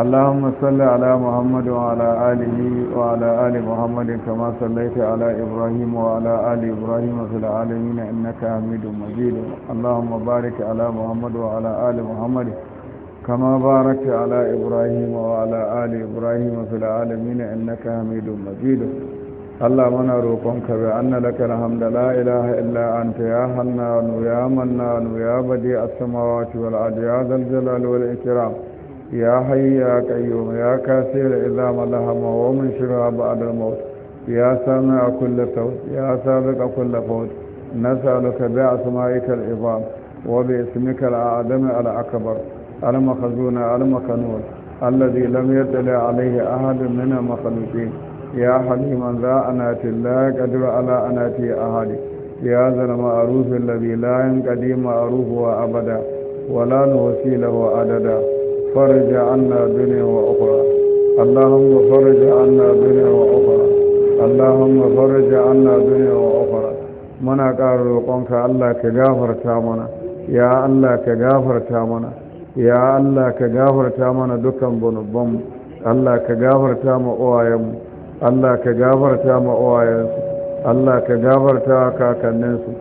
اللهم صل على محمد وعلى آله وعلى آل محمد كما صليت على إبراهيم وعلى آل إبراهيم في العالمين إنك حميد مجيد اللهم بارك على محمد وعلى آل محمد كما باركت على إبراهيم وعلى آل إبراهيم في العالمين إنك حميد مجيد اللهم نروقك بأن لك الحمد لا إله إلا أنت يا حنان يا منان يا بديع السماوات والأرض يا ذا الجلال والإكرام يا حي يا قيوم يا كاسر إذا ملهم ومن شرها بعد الموت يا سامع كل صوت يا سابق كل فوت نسألك بأسمائك العظام وباسمك الأعظم الأكبر المخزون المكنون الذي لم يطلع عليه أحد من المخلوقين يا حليما ذا أنات لا يقدر على أناتي أحد يا ذا المعروف الذي لا ينقدي معروفه أبدا ولا نوصي له عددا فرج عنا دنيا وأخرى اللهم فرج عنا دنيا وأخرى اللهم فرج عنا دنيا وأخرى muna ƙara roƙonka Allah ka gafarta mana ya Allah ka gafarta mana ya Allah ka gafarta mana dukkan bunubbanmu Allah ka gafarta ma Allah ka gafarta ma Allah ka gafarta kakanninsu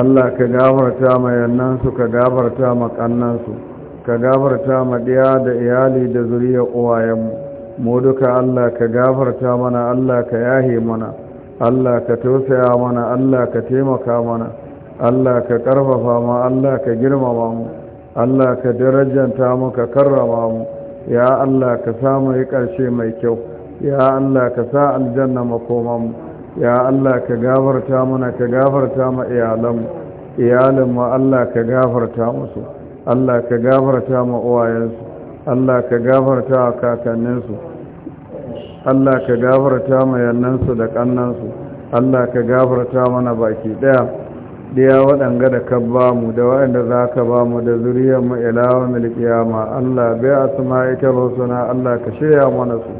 Allah ka gafarta ma yannansu ka gafarta ma kannansu ka gafarta ma ɗaya da iyali da zuriya uwayenmu mu duka Allah ka gafarta mana Allah ka yahe mana Allah ka tausaya mana Allah ka taimaka mana Allah ka ƙarfafa ma Allah ka girmama mu Allah ka darajanta mu ka karrama mu ya Allah ka samu yi ƙarshe mai kyau ya Allah ka sa aljanna mu, ya Allah ka gafarta mana ka gafarta ma iyalanmu iyalanmu Allah ka gafarta musu Allah ka gafarta ma uwayensu Allah ka gafarta wa kakanninsu Allah ka gafarta ma yannansu da kannansu Allah ka gafarta mana baki daya daya waɗanga da ka ba mu da waɗanda za ka ba mu da zuriyar mu ilawa milkiyama Allah bai asma'ikal suna. Allah ka shirya mana su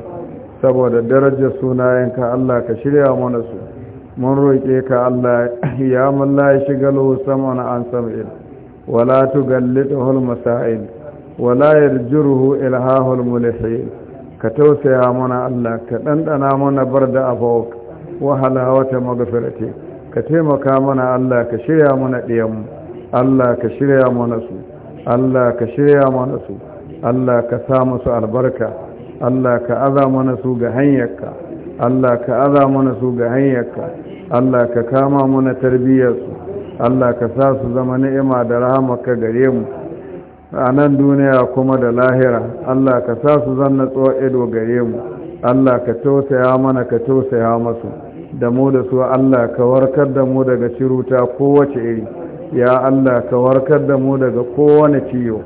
saboda darajar sunayenka Allah ka shirya mana su mun roƙe ka Allah ya malla ya shigalo na an sam'il ولا تغلطه المسائل ولا يرجره الهاه الملحين كتوسع منا الله كأننا منا برد أفوك وهلاوة مغفرتك كتيما منا الله كشريا منا ديم الله كشريا منا سو الله كشريا منا سو الله كسام كسامس البركه الله كأذى منا سو جهنيك الله كأذى منا سو جهنيك Allah ka kama mana Allah ka sa su zama ni'ima da rahamaka gare mu a nan duniya kuma da lahira Allah ka sa su zanna tsohon ido gare mu Allah ka tausaya mana ka tausaya masu da mu da su Allah ka warkar da mu daga ciruta kowace iri ya Allah ka warkar da mu daga kowane ciwo.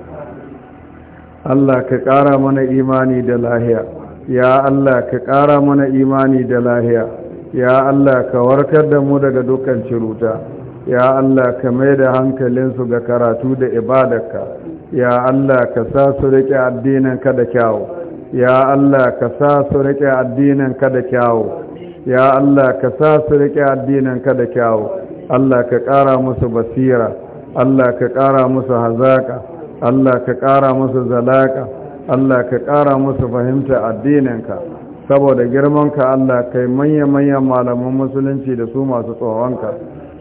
Allah ka ƙara mana imani da lahiya ya Allah ka ƙara mana imani da lahiya ya Allah ka warkar da mu daga dukkan ciruta ya Allah ka mai da hankalinsu ga karatu da ibadarka ya Allah ka sa su riƙe addininka da kyawu ya Allah ka sa su riƙe addininka da kyau. ya Allah ka sa su riƙe addininka da kyawu Allah ka ƙara musu basira Allah ka ƙara musu hazaƙa Allah ka ƙara musu zalaka Allah ka ƙara musu fahimta addininka saboda girmanka Allah kai manya-manyan malaman musulunci da su masu tsohonka.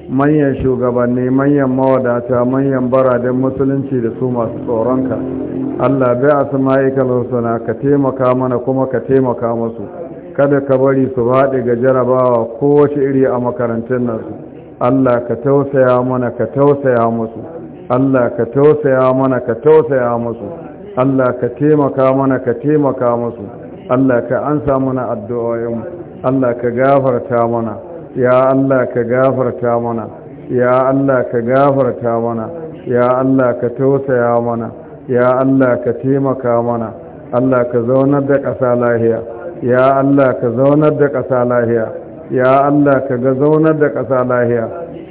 manyan shugabanni manyan mawadata manyan baraden musulunci da su masu tsoronka allah bai a sama'ikal ka taimaka mana kuma ka taimaka musu kada ka bari su faɗi ga jarabawa kowace iri a makarantun nasu allah ka tausaya mana ka tausaya musu allah ka tausaya mana ka tausaya musu allah ka taimaka mana ka taimaka musu allah ka ansa mana addu'o'in allah ka gafarta mana ya Allah ka gafarta mana ya Allah ka gafarta mana ya Allah ka tausaya mana ya Allah ka taimaka mana Allah ka zaunar da ƙasa lahiya ya Allah ka zaunar da ƙasa lahiya ya Allah ka ga zaunar da ƙasa lahiya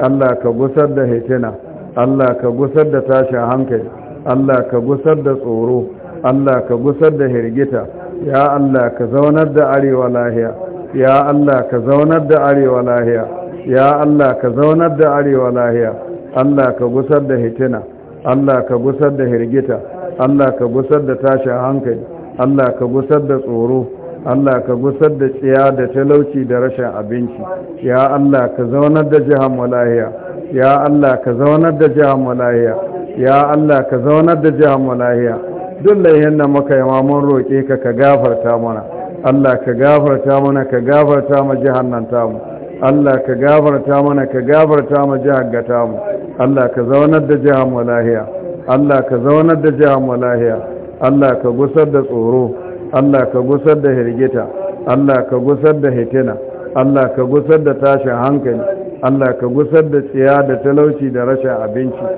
Allah ka gusar da hitina Allah ka gusar da tashin hankali Allah ka gusar da tsoro Allah ka gusar da hirgita ya Allah ka zaunar da arewa lahiya ya Allah ka zaunar da arewa lahiya ya Allah ka zaunar da arewa lahiya Allah ka gusar da hitina Allah ka gusar da hirgita Allah ka gusar da tashin hankali Allah ka gusar da tsoro Allah ka gusar da tsiya da talauci da rashin abinci ya Allah ka zaunar da jihar lahiya ya Allah ka zaunar da jihar walahiya ya Allah ka zaunar da jihar lahiya duk laihin da muka yi mun roƙe ka ka gafarta mana Allah ka gafarta mana ka gafarta ma jihar nan tamu Allah ka gafarta mana ka gafarta ma jihar ga tamu Allah ka zaunar da jihar mu lahiya Allah ka zaunar da jihar walahiya lahiya Allah ka gusar da tsoro Allah ka gusar da hirgita Allah ka gusar da hitina Allah ka gusar da tashin hankali Allah ka gusar da tsiya da talauci da rashin abinci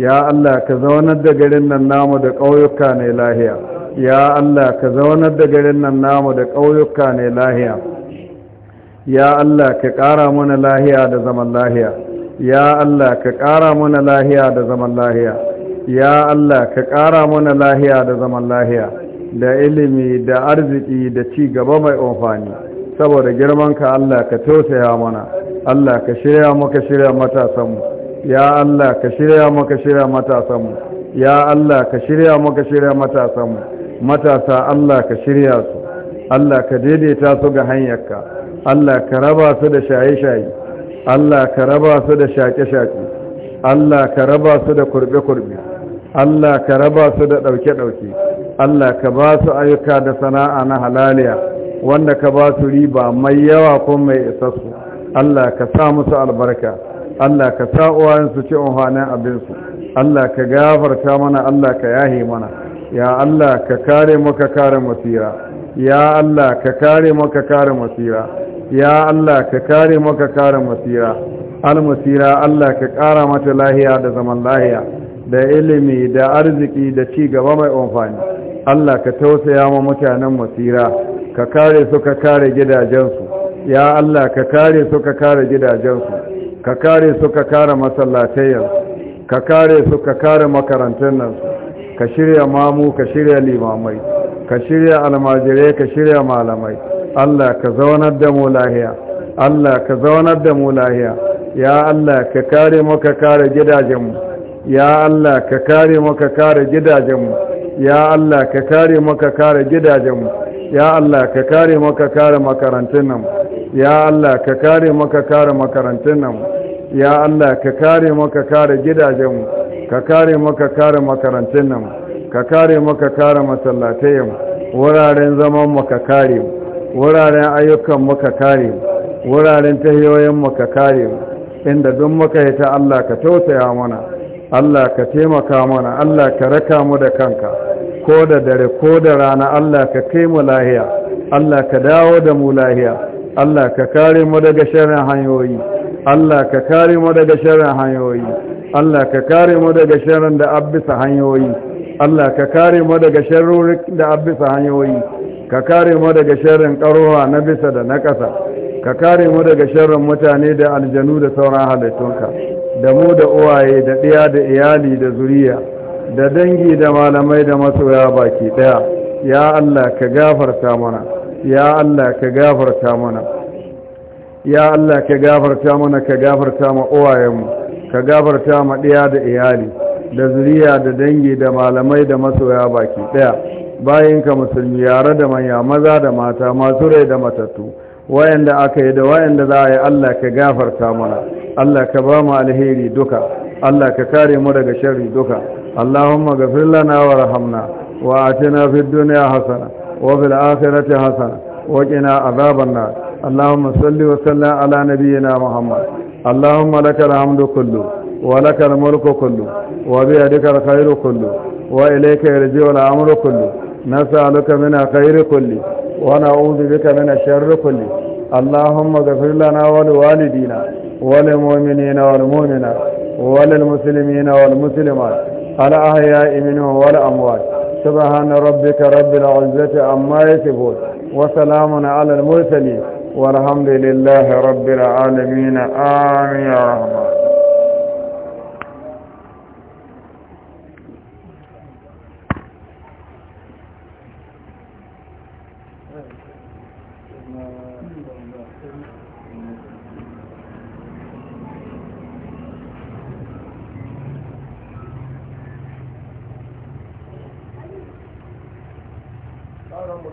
ya Allah ka zaunar da garin nan namu da ƙauyuka ne lahiya ya Allah ka zaunar da garin nan namu da ƙauyuka ne lahiya ya Allah ka ƙara mana lahiya da zaman lahiya ya Allah ka ƙara mana lahiya da zaman lahiya ya Allah ka ƙara mana lahiya da zaman lahiya da ilimi da arziki da ci gaba mai amfani saboda girman ka Allah ka tausaya mana Allah ka shirya maka shirya matasanmu ya Allah ka shirya maka shirya matasanmu ya Allah ka shirya maka shirya matasanmu matasa Allah ka shirya su Allah ka daidaita su ga hanyarka Allah ka raba su da shaye-shaye Allah ka raba su da shaƙe-shaƙe Allah ka raba su da kurbe-kurbe Allah ka raba su da ɗauke-ɗauke Allah ka ba su ayyuka da sana'a na halaliya wanda ka ba su riba mai yawa ko mai isassu Allah ka sa musu albarka Allah ka sa uwayensu ci unhanin abinsu Allah ka gafarta mana Allah ka yahe mana ya Allah ka kare mu ka kare masira ya Allah ka kare mu ka kare masira ya Allah ka kare mu kare masira almasira Allah ka kara mata lahiya da zaman lahiya da ilimi da arziki da ci gaba mai amfani Allah ka tausaya ma mutanen masira ka kare su ka kare gidajensu ya Allah ka kare su ka kare gidajensu ka kare su ka kare masallatai ka kare su ka kare su ka shirya mamu ka shirya limamai ka shirya almajirai ka shirya malamai Allah ka zaunar da mu lahiya Allah ka zaunar da mu lahiya ya Allah ka kare mu ka kare gidajenmu ya Allah ka kare mu ka kare gidajenmu ya Allah ka kare mu ka kare gidajenmu ya Allah ka kare mu ka kare makarantun nan ya Allah ka kare mu ka kare makarantun nan ya Allah ka kare mu ka kare gidajenmu ka kare maka kare makarantun nan ka kare maka kare masallatayen wuraren zaman maka kare wuraren ayyukan maka kare wuraren tahiyoyin maka kare inda duk maka yi ta Allah ka tausaya mana Allah ka taimaka mana Allah ka raka mu da kanka ko da dare ko da rana Allah ka kai mu lahiya Allah ka dawo da mu lahiya Allah ka kare mu daga sharrin hanyoyi Allah ka kare mu daga sharrin hanyoyi Allah ka kare mu daga sharrin da abisa hanyoyi Allah ka kare mu daga sharrorin da abisa hanyoyi ka kare mu daga sharrin karowa na bisa da na ƙasa ka kare mu daga sharrin mutane da aljanu da sauran halittunka da mu da uwaye da ɗiya da iyali da zuriya da dangi da malamai da masoya baki ɗaya ya Allah ka gafarta mana ya Allah ka gafarta mana ya Allah ka gafarta mana ka gafarta mu uwayenmu ka gabarta ma ɗaya da iyali da zuriya da dangi da malamai da masoya baki ɗaya Bayan ka musulmi yare da manya maza da mata masu rai da matattu wayanda aka yi da wayanda za a yi Allah ka gafarta mana Allah ka ba mu alheri duka Allah ka kare mu daga shari duka Allahumma ghafir lana warhamna wa atina fid dunya hasana wa fil akhirati hasana wa qina adhaban nar Allahumma salli wa sallim ala nabiyyina Muhammad اللهم لك الحمد كله ولك الملك كله وبيدك الخير كله وإليك يرجع الأمر كله نسألك من خير كله ونعوذ بك من الشر كله اللهم اغفر لنا ولوالدينا وللمؤمنين والمؤمنات وللمسلمين والمسلمات الأحياء منهم والأموات سبحان ربك رب العزة عما يصفون وسلام على المرسلين والحمد لله رب العالمين آمين يا رحمن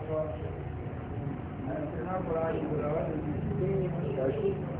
Thank you.